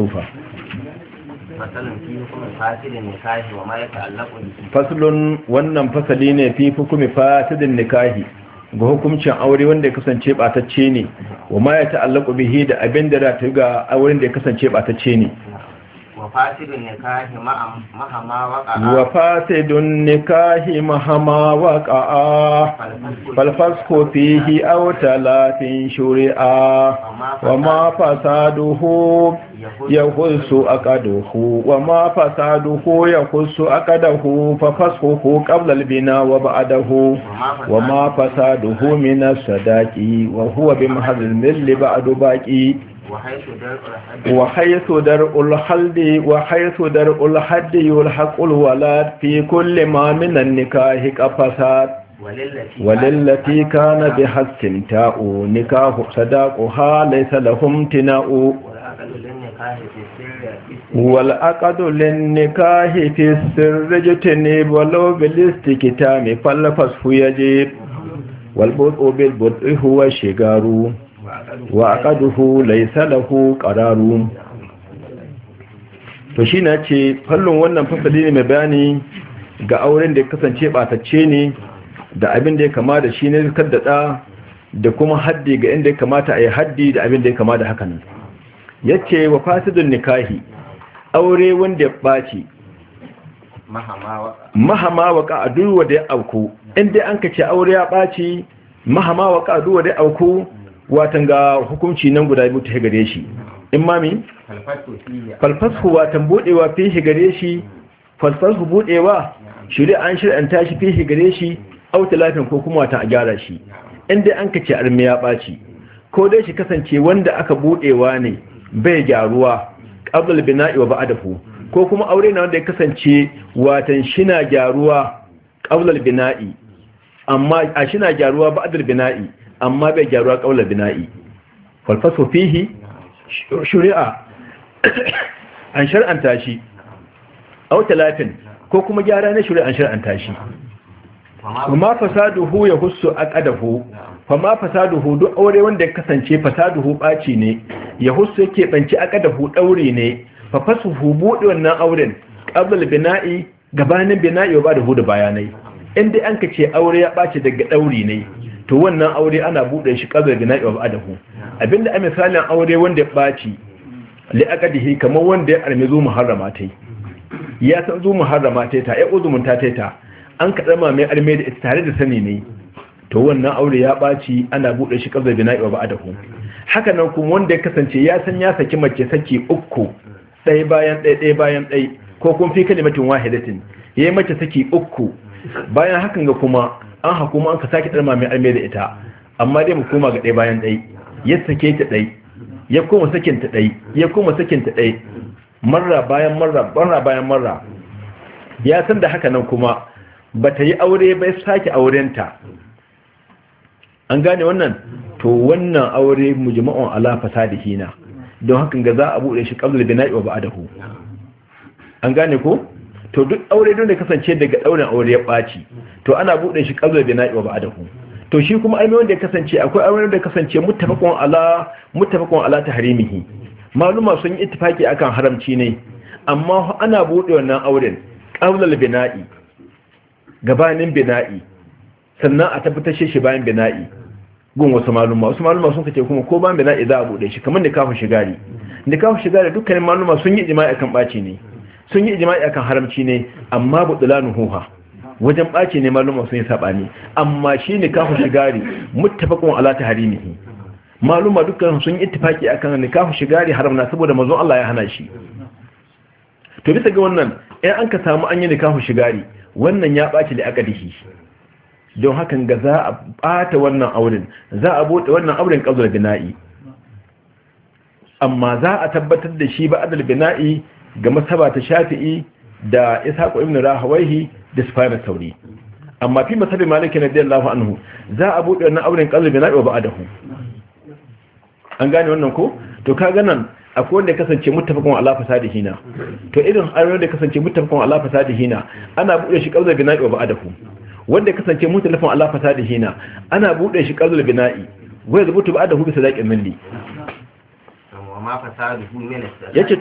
tufa faslun wannan fasali ne fi hukumi fasidin nikahi ga hukumcin aure wanda ya kasance batacce ne wa ma ya ta'allaku bihi da abin da ta ga auren da ya kasance batacce ne وفاسد النكاح مهما وقع وفاسد النكاح مهما وقع فالفسق فيه أو ثلاث شرعا وما فساده يخص أقده وما فساده يخص أقده ففسقه قبل البناء وبعده وما فساده من الصداق وهو بمحل المل بعد باقي وحيث درء الحلد وحيث درء الحد يلحق الولاد في كل ما من النكاح كفساد وللتي كان بها استمتاع نكاح صداقها ليس له امتناء والعقد للنكاح في السر اجتنب ولو بالاستكتام فالفصف يجب والبطء بالبطء هو الشجار wa aqaduhu laysa lahu qararun to shi na ce fallon wannan fasali ne mai bayani ga auren da ya kasance batacce ne da abin da ya kamata da shi ne kaddada da kuma haddi ga inda ya kamata a yi haddi da abin da ya kamata da haka nan ya ce wa fasidun nikahi aure wanda ya ɓaci mahama wa ka'adu wa da ya auku inda an ka ce aure ya ɓaci mahama wa ka'adu wa da ya auku watan ga hukunci nan guda biyu ta gare shi in mami falfasu watan budewa fi gare shi falfasu budewa shari'an shari'anta shi fi gare shi auta lafin ko kuma watan a gyara shi inda an kace armi ya ɓaci ko dai shi kasance wanda aka budewa ne bai gyaruwa qabl bina'i wa ba'dahu ko kuma aure na wanda ya kasance watan shina gyaruwa qabl bina'i amma a shina gyaruwa ba'dal bina'i amma bai gyaruwa kaula bina'i falfasu fihi shuri'a an shar'anta shi au talafin ko kuma gyara na shuri'a an shar'anta shi kuma fasaduhu ya a ƙadahu kuma fasaduhu duk aure wanda ya kasance fasaduhu ɓaci ne ya hussu yake a ƙadahu ɗauri ne fa hu bude wannan auren qabla bina'i gabanin bina'i ba da hudu bayanai inda an ce aure ya ɓaci daga ɗauri ne to wannan aure ana buɗe shi ƙazar gina iwa adahu abinda a misalin aure wanda ya ɓaci li'akadihi kamar wanda ya armi zo muharrama ta ya san zo muharrama ta ta ya uzumin ta ta an kaɗa ma mai armi da ita tare da sani ne to wannan aure ya ɓaci ana buɗe shi ƙazar gina iwa adahu haka nan kuma wanda ya kasance ya san ya saki mace saki uku ɗaya bayan ɗaya ɗaya bayan ɗaya ko kun fi kalimatin wahidatin ya yi mace saki uku bayan hakan ga kuma an ma an ka sake ɗarma mai arme da ita amma dai mu koma ga ɗaya bayan ɗai ya sake ta ɗai ya koma sakin ta ɗai ya koma sakin ta ɗai marra bayan marra marra bayan marra ya san da haka nan kuma ba ta yi aure ba ya sake aurenta an gane wannan to wannan aure mujma'un ala fasadihina don hakan ga za a buɗe shi qabla bina'i wa ba'dahu an gane ko to duk aure dole kasance daga ɗaurin aure ya ɓaci to ana buɗe shi kazo bi na'i wa ba'adahu to shi kuma aure wanda ya kasance akwai aure da kasance muttafaqun ala muttafaqun ala tahrimihi maluma sun yi ittifaki akan haramci ne amma ana bude wannan auren ƙazar bina'i gabanin bina'i sannan a tabbatar shi bayan bina'i gun wasu maluma wasu maluma sun kace kuma ko bayan bina'i za a buɗe shi kamar da kafin shigari da kafin shigari dukkanin maluma sun yi jima'i akan ɓaci ne sun yi jima'i akan haramci ne amma budulanu huha wajen baki ne maluma sun yi saɓani amma shi ne kafu shigari muttafaqun ala taharimihi maluma dukkan sun yi ittifaki akan nikahu shigari haramna saboda manzon Allah ya hana shi to bisa ga wannan in an ka samu an yi nikahu shigari wannan ya ɓaci da akadihi don hakan ga za a ɓata wannan auren za a bude wannan auren qazul bina'i amma za a tabbatar da shi ba adal bina'i ga masaba ta shafi'i da ishaqu ibn rahawayhi da sufyan sauri amma fi masabi maliki radiyallahu anhu za a bude wannan auren qalbi na da hu an gane wannan ko to kaga nan akwai wanda kasance muttafaqun ala hina, to irin ayoyin da kasance mutafakon ala hina ana bude shi qalbi na da hu wanda kasance muttafaqun ala hina ana bude shi qalbi bina'i wai zubutu ba'dahu bi sadaqin yace